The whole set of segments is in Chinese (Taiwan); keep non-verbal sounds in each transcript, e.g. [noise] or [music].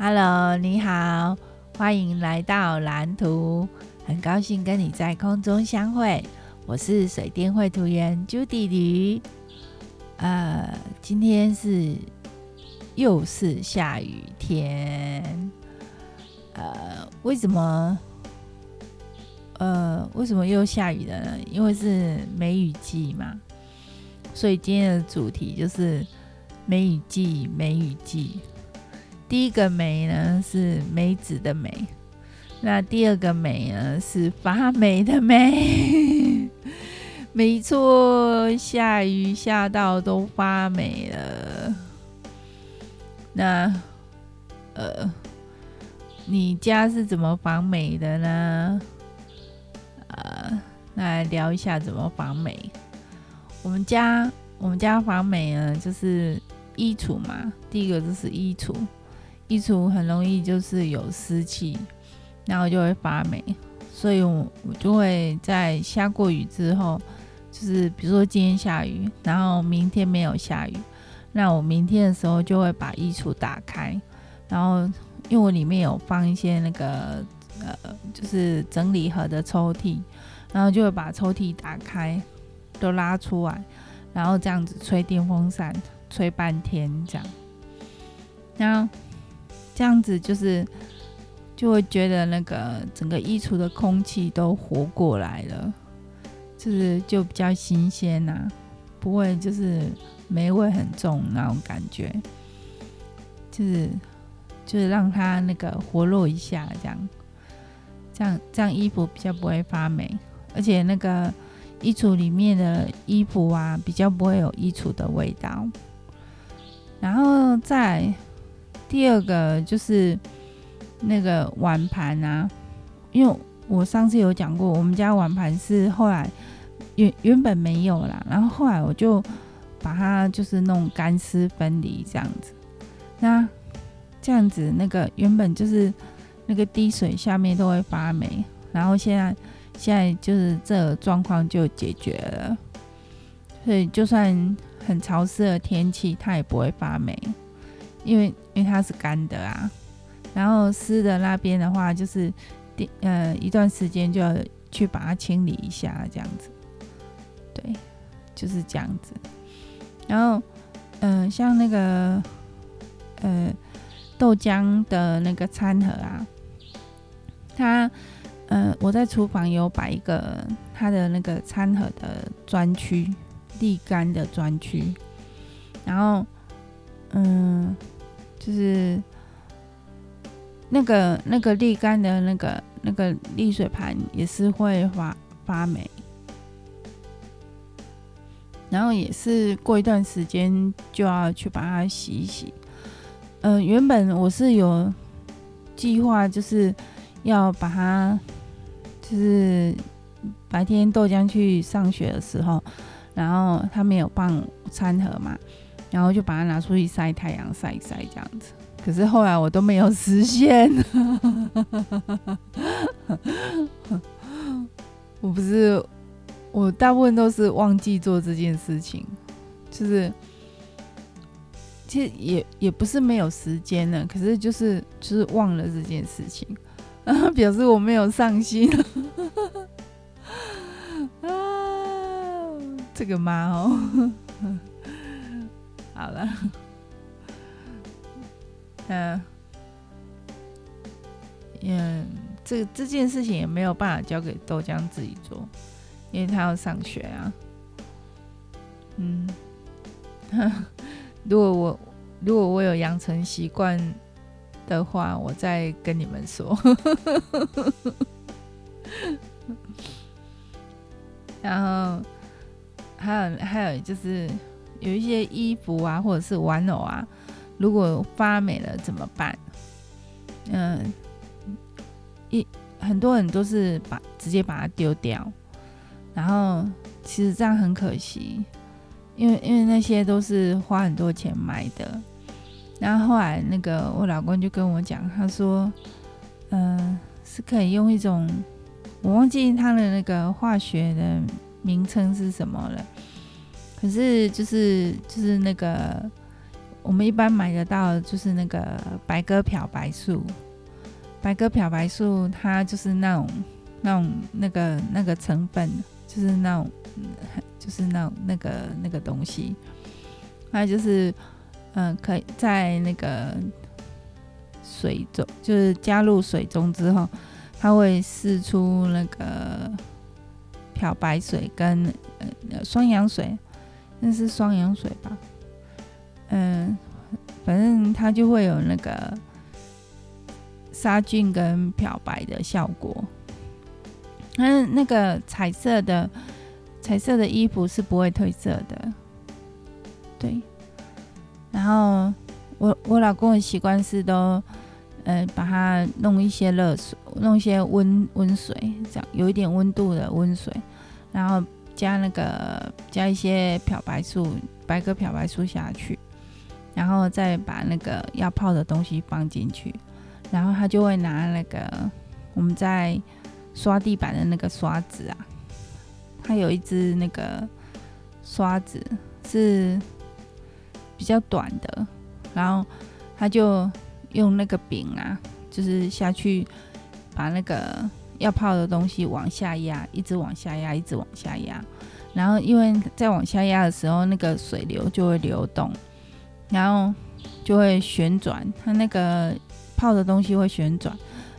Hello，你好，歡迎來到藍圖，很高興跟你在空中相會。我是水電繪圖員朱蒂呂。呃，今天是又是下雨天。呃，為什麼？呃，為什麼又下雨了呢？因為是梅雨季嘛。所以今天的主題就是梅雨季，霉雨季。第一個梅呢是梅子的梅；那第二個霉呢是發霉的霉。 [laughs] 沒錯，下雨下到都發霉了。那呃，你家是怎麼防霉的呢？呃，那來聊一下怎麼防霉。我們家我們家防霉呢就是衣櫥嘛，第一個就是衣櫥。衣櫥很容易就是有濕氣，然後就會發霉，所以我就會在下過雨之後，就是比如說今天下雨，然後明天沒有下雨，那我明天的時候就會把衣櫥打開，然後因為我裡面有放一些那個呃，就是整理盒的抽屜，然後就會把抽屜打開，都拉出來，然後這樣子吹電風扇吹半天這樣，然後。這樣子就是就會覺得那個整個衣櫥的空氣都活過來了，就是就比較新鮮吶，不會就是霉味很重那種感覺，就是就是讓它那個活絡一下，這樣，這樣這樣衣服比較不會發霉，而且那個衣櫥裡面的衣服啊比較不會有衣櫥的味道，然後再。第二個就是那個碗盤啊，因為我上次有講過，我們家碗盤是後來原原本沒有啦，然後後來我就把它就是弄乾濕分離這樣子，那這樣子那個原本就是那個滴水下面都會發霉，然後現在現在就是這個狀況就解決了，所以就算很潮濕的天氣，它也不會發霉。因為因為它是乾的啊，然後濕的那邊的話，就是第呃一段時間就要去把它清理一下，這樣子，對，就是這樣子。然後，嗯、呃，像那個呃豆漿的那個餐盒啊，它，嗯、呃，我在廚房有擺一個它的那個餐盒的專區，瀝乾的專區，然後，嗯、呃。就是那個那個瀝乾的那個那個瀝水盤也是會發發霉，然後也是過一段時間就要去把它洗一洗，呃。嗯，原本我是有計劃，就是要把它，就是白天豆漿去上學的時候，然後他沒有放餐盒嘛。然後就把它拿出去曬太陽，曬一曬這樣子。可是後來我都沒有實現，我不是，我大部分都是忘記做這件事情。就是其實也也不是沒有時間了，可是就是就是忘了這件事情，然後表示我沒有上心。啊，這個媽哦。好了，嗯，嗯，這這件事情也沒有辦法交給豆漿自己做，因為他要上學啊。嗯，如果我如果我有養成習慣的話，我再跟你們說。 [laughs] 然後還有還有就是。有一些衣服啊，或者是玩偶啊，如果發霉了怎麼辦？嗯、呃，一很多人都是把直接把它丟掉，然後其實這樣很可惜，因為因為那些都是花很多錢買的。然後後來那個我老公就跟我講，他說，嗯、呃，是可以用一種我忘記它的那個化學的名稱是什麼了。可是就是就是那個，我們一般買得到就是那個白鴿漂白素，白鴿漂白素它就是那種那種那個那個成分，就是那種就是那種那個那個東西。它就是，嗯、呃，可以在那個水中，就是加入水中之後，它會釋出那個漂白水跟呃、雙氧水。那是雙氧水吧？嗯、呃，反正它就會有那個殺菌跟漂白的效果。嗯，那個彩色的彩色的衣服是不會褪色的。對。然後我我老公的習慣是都，嗯、呃，把它弄一些熱水，弄一些溫溫水，這樣有一點溫度的溫水，然後。加那個加一些漂白素，白鴿漂白素下去，然後再把那個要泡的東西放進去，然後他就會拿那個我們在刷地板的那個刷子啊，他有一隻那個刷子是比較短的，然後他就用那個柄啊，就是下去把那個。要泡的東西往下壓，一直往下壓，一直往下壓。然後，因為在往下壓的時候，那個水流就會流動，然後就會旋轉，它那個泡的東西會旋轉，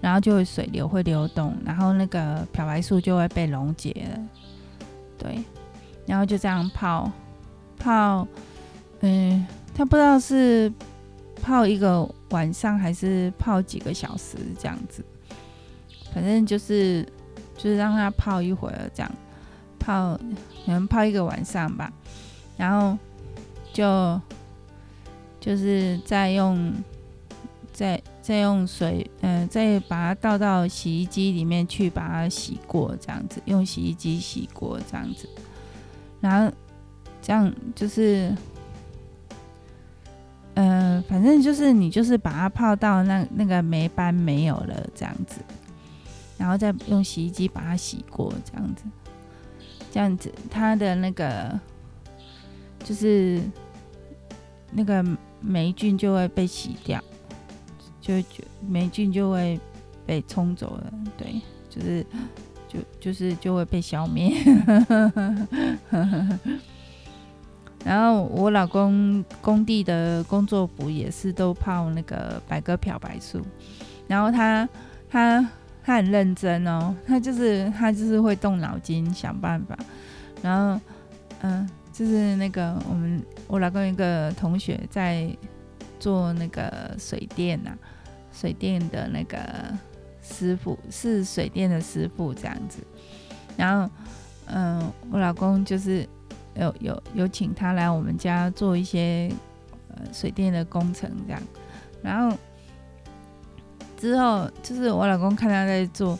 然後就會水流會流動，然後那個漂白素就會被溶解了。對，然後就這樣泡，泡，嗯，它不知道是泡一個晚上還是泡幾個小時這樣子。反正就是，就是讓它泡一會兒，這樣泡，可能泡一個晚上吧。然後就就是再用，再再用水，嗯、呃，再把它倒到洗衣機裡面去，把它洗過，這樣子，用洗衣機洗過，這樣子。然後這樣就是，嗯、呃，反正就是你就是把它泡到那那個霉斑沒有了，這樣子。然後再用洗衣機把它洗過，這樣子，這樣子，它的那個就是那個霉菌就會被洗掉，就霉菌就會被沖走了，對，就是就就是就會被消滅。 [laughs] 然後我老公工地的工作服也是都泡那個白鴿漂白素，然後他他。他很認真哦，他就是他就是會動腦筋想辦法，然後嗯，就是那個我們我老公一個同學在做那個水電吶，水電的那個師傅是水電的師傅這樣子，然後嗯，我老公就是有有有請他來我們家做一些呃水電的工程這樣，然後。之後就是我老公看他在做，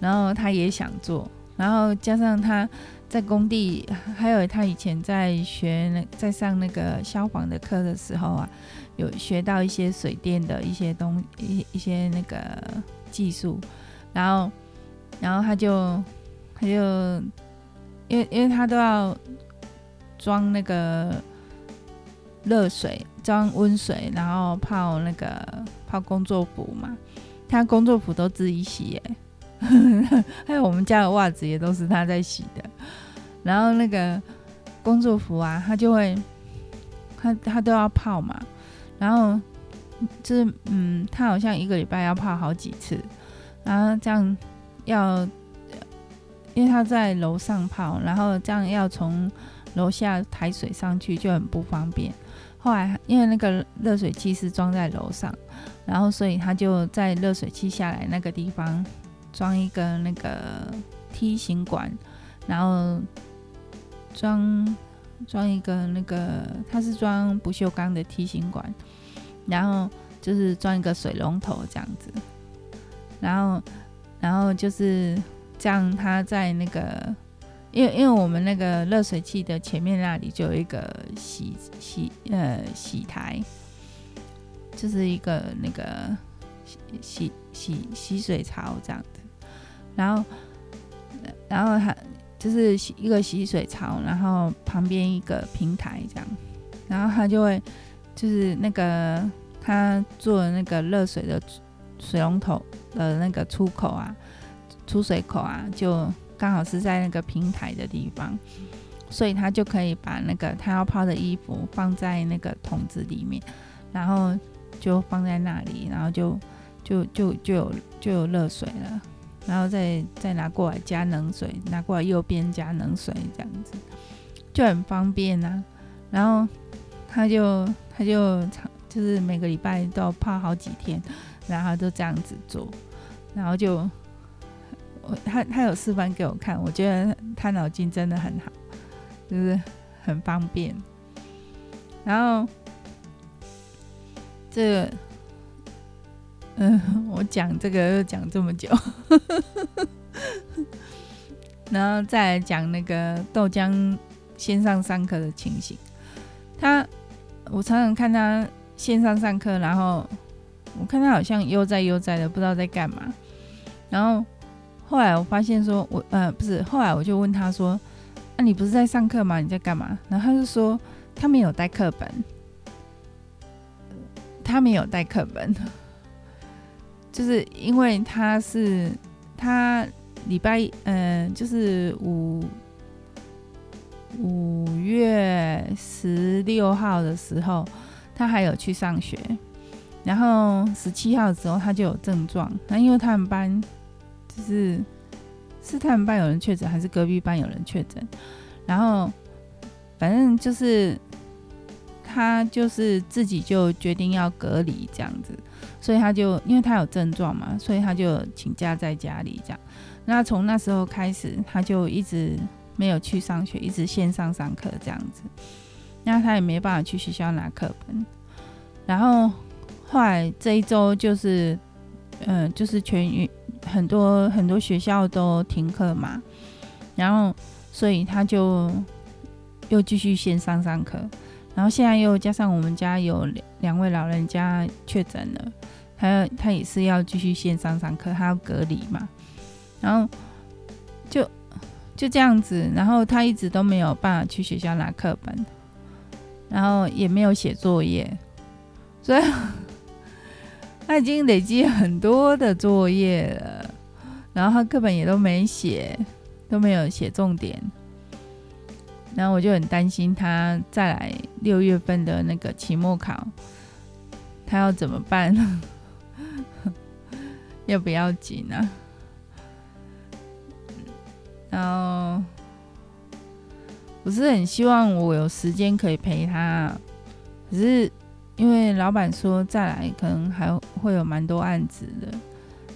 然後他也想做，然後加上他在工地，還有他以前在學那、在上那個消防的課的時候啊，有學到一些水電的一些東、一一些那個技術，然後，然後他就他就，因為因為他都要裝那個。熱水裝溫水，然後泡那個泡工作服嘛。他工作服都自己洗，欸， [laughs] 還有我們家的襪子也都是他在洗的。然後那個工作服啊，他就會他他都要泡嘛。然後就是嗯，他好像一個禮拜要泡好幾次，然後這樣要因為他在樓上泡，然後這樣要從樓下抬水上去就很不方便。後來，因為那個熱水器是裝在樓上，然後所以他就在熱水器下來那個地方裝一個那個 T 型管，然後裝裝一個那個，他是裝不鏽鋼的 T 型管，然後就是裝一個水龍頭這樣子，然後然後就是這樣，他在那個。因為，因為我們那個熱水器的前面那裡就有一個洗洗呃洗台，就是一個那個洗洗洗洗水槽這樣的，然後，然後它就是一個洗水槽，然後旁邊一個平台這樣，然後它就會就是那個它做的那個熱水的水龍頭的那個出口啊，出水口啊，就。剛好是在那個平台的地方，所以他就可以把那個他要泡的衣服放在那個桶子裡面，然後就放在那裡，然後就，就就就就有就有熱水了，然後再再拿過來加冷水，拿過來右邊加冷水這樣子，就很方便啊。然後他就他就長就是每個禮拜都要泡好幾天，然後就這樣子做，然後就。我他他有示範給我看，我覺得他腦筋真的很好，就是很方便。然後這嗯、個呃，我講這個又講這麼久， [laughs] 然後再來講那個豆漿線上上課的情形。他我常常看他線上上課，然後我看他好像悠哉悠哉的，不知道在幹嘛，然後。後來我發現說，說我呃不是，後來我就問他說：“那、啊、你不是在上課嗎？你在幹嘛？”然後他就說：“他沒有帶課本，他沒有帶課本。”就是因為他是他禮拜嗯、呃，就是五五月十六號的時候，他還有去上學，然後十七號的時候他就有症狀。那因為他們班。就是是他們班有人確診，還是隔壁班有人確診？然後反正就是他就是自己就決定要隔離這樣子，所以他就因為他有症狀嘛，所以他就請假在家裡這樣。那從那時候開始，他就一直沒有去上學，一直線上上課這樣子。那他也沒辦法去學校拿課本。然後後來這一周就是嗯、呃，就是全很多很多學校都停課嘛，然後所以他就又繼續線上上課，然後現在又加上我們家有兩位老人家確診了，他他也是要繼續線上上課，他要隔離嘛，然後就就這樣子，然後他一直都沒有辦法去學校拿課本，然後也沒有寫作業，所以。他已經累積很多的作業了，然後他課本也都沒寫，都沒有寫重點。然後我就很擔心他再來六月份的那個期末考，他要怎麼辦？ [laughs] 要不要緊啊？然後我是很希望我有時間可以陪他，可是。因為老闆說再來可能還會有蠻多案子的，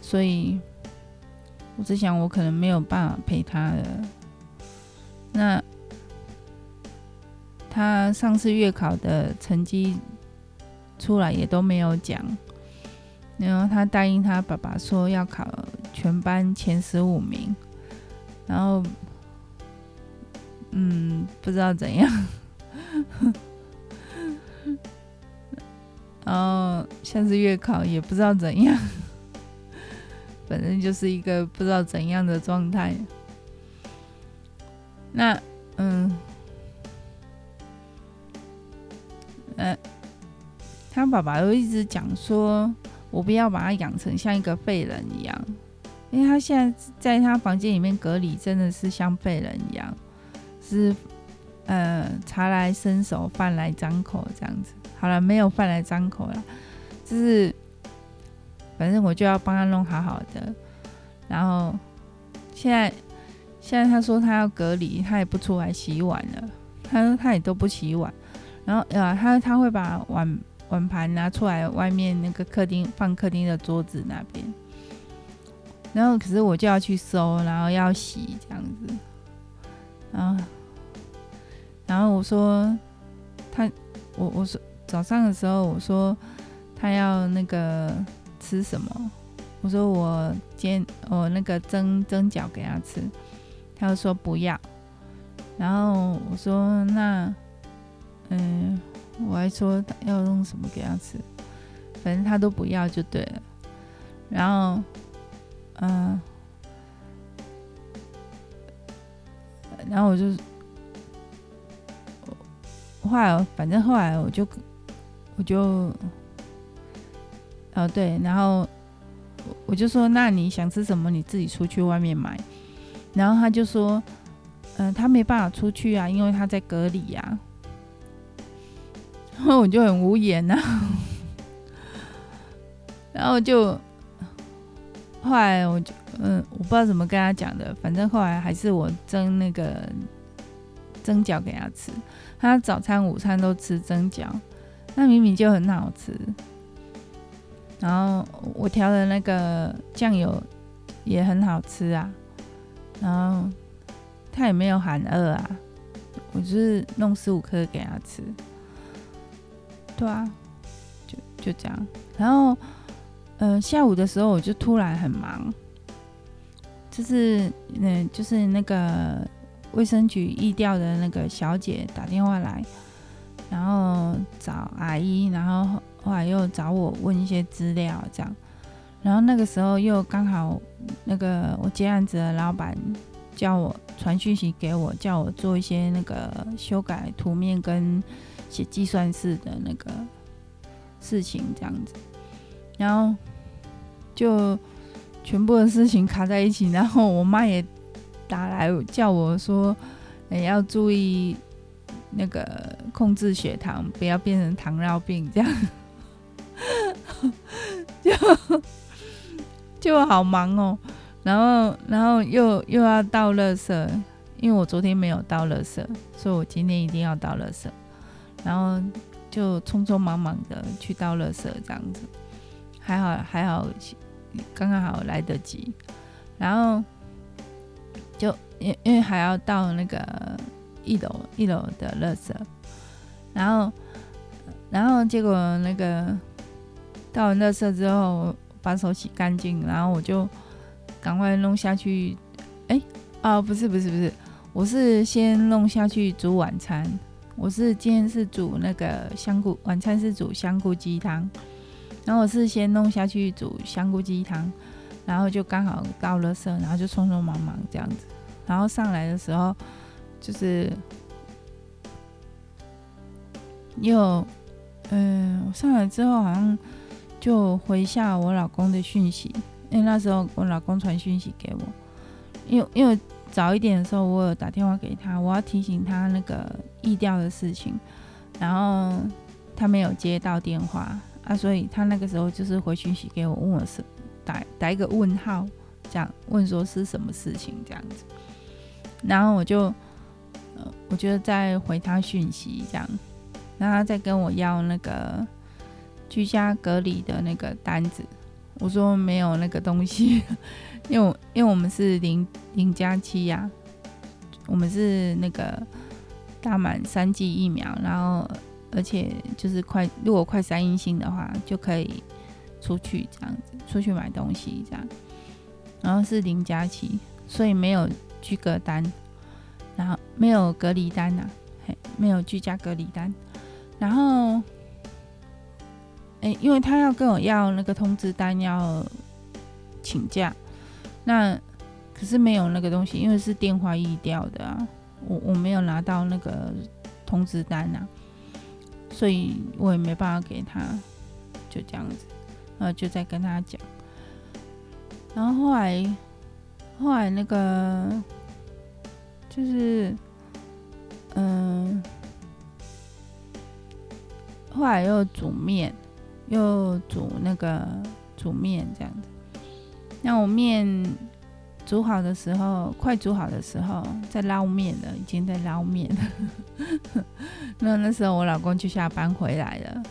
所以，我只想我可能沒有辦法陪他了。那他上次月考的成績出來也都沒有講，然後他答應他爸爸說要考全班前十五名，然後，嗯，不知道怎樣。 [laughs] 然後下次月考也不知道怎樣，反正就是一個不知道怎樣的狀態。那嗯，呃，他爸爸又一直講說，我不要把他養成像一個廢人一樣，因為他現在在他房間裡面隔離，真的是像廢人一樣，是呃茶來伸手，飯來張口這樣子。好了，沒有飯來張口了，就是，反正我就要幫他弄好好的。然後現在，現在他說他要隔離，他也不出來洗碗了。他說他也都不洗碗。然後呃、啊，他他會把碗碗盤拿出來外面那個客廳，放客廳的桌子那邊。然後可是我就要去收，然後要洗這樣子。然後然後我說他，我我說。早上的時候，我說他要那個吃什麼？我說我煎我那個蒸蒸餃給他吃，他就說不要。然後我說那嗯，我還說要弄什麼給他吃，反正他都不要就對了。然後嗯、呃，然後我就後來我反正後來我就。我就，呃、哦，對，然後我我就說，那你想吃什麼？你自己出去外面買。然後他就說，嗯、呃，他沒辦法出去啊，因為他在隔離啊。然後我就很無言啊。然後就，後來我就，嗯、呃，我不知道怎麼跟他講的，反正後來還是我蒸那個蒸餃給他吃。他早餐、午餐都吃蒸餃。那明明就很好吃，然後我調的那個醬油也很好吃啊，然後他也沒有喊餓啊，我就是弄十五顆給他吃，對啊，就就這樣。然後，呃，下午的時候我就突然很忙，就是嗯、呃，就是那個衛生局疫調的那個小姐打電話來。然後找阿姨，然後後來又找我問一些資料這樣，然後那個時候又剛好那個我接案子的老闆叫我傳訊息給我，叫我做一些那個修改圖面跟寫計算式的那個事情這樣子，然後就全部的事情卡在一起，然後我媽也打來叫我說，哎，要注意。那個控制血糖，不要變成糖尿病，這樣 [laughs] 就就好忙哦。然後，然後又又要倒垃圾，因為我昨天沒有倒垃圾，所以我今天一定要倒垃圾。然後就匆匆忙忙的去倒垃圾，這樣子還好還好，剛剛好來得及。然後就因因為還要到那個。一樓一樓的垃圾，然後，然後結果那個倒完垃圾之後，把手洗乾淨，然後我就趕快弄下去。哎，哦、啊，不是不是不是，我是先弄下去煮晚餐。我是今天是煮那個香菇晚餐，是煮香菇雞湯。然後我是先弄下去煮香菇雞湯，然後就剛好倒垃圾，然後就匆匆忙忙這樣子。然後上來的時候。就是，又，嗯，我上來之後好像就回下我老公的訊息，因為那時候我老公傳訊息給我，因為因為早一點的時候我有打電話給他，我要提醒他那個疫調的事情，然後他沒有接到電話啊，所以他那個時候就是回訊息給我,問我，問是打打一個問號，這樣問說是什麼事情這樣子，然後我就。我就再回他訊息，這樣，然後他再跟我要那個居家隔離的那個單子。我說沒有那個東西，因為因為我們是零零加七呀，我們是那個打滿三劑疫苗，然後而且就是快，如果快三陰性的話，就可以出去這樣子，出去買東西這樣。然後是零加七，7, 所以沒有居隔單。然後沒有隔離單吶、啊，沒有居家隔離單。然後誒，因為他要跟我要那個通知單要請假，那可是沒有那個東西，因為是電話疫調的啊，我我沒有拿到那個通知單啊，所以我也沒辦法給他，就這樣子，呃，就再跟他講。然後後來，後來那個。就是，嗯、呃，後來又煮麵，又煮那個煮麵這樣子。那我麵煮好的時候，快煮好的時候，在撈麵了，已經在撈麵了。 [laughs] 那那時候我老公就下班回來了，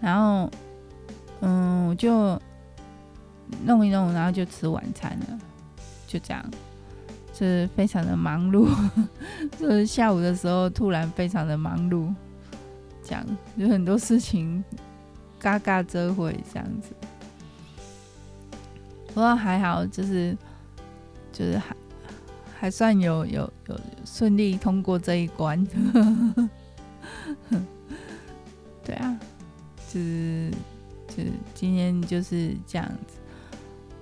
然後，嗯，我就弄一弄，然後就吃晚餐了，就這樣。就是非常的忙碌， [laughs] 就是下午的時候突然非常的忙碌，這樣有很多事情，嘎嘎折回這樣子。不過還好，就是，就是就是還還算有有有順利通過這一關。 [laughs] 對啊，就是就是今天就是這樣子，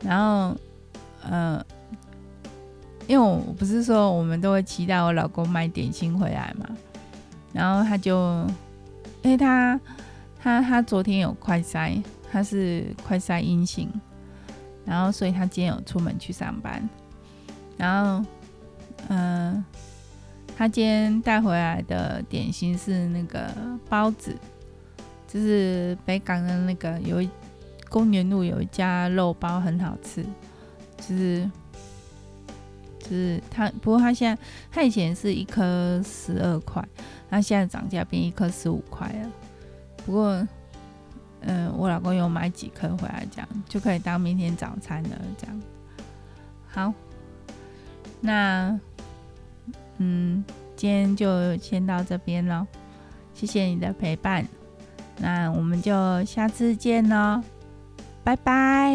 然後呃。因為我，我不是說我們都會期待我老公買點心回來嘛？然後他就，因、欸、為他他他昨天有快篩，他是快篩陰性，然後所以他今天有出門去上班，然後，嗯、呃，他今天帶回來的點心是那個包子，就是北港的那個有公園路有一家肉包很好吃，就是。是它，不過它現在，他以前是一顆十二塊，那現在漲價變一顆十五塊了。不過，嗯、呃，我老公有買幾顆回來，這樣就可以當明天早餐了。這樣，好，那，嗯，今天就先到這邊了，謝謝你的陪伴，那我們就下次見咯，拜拜。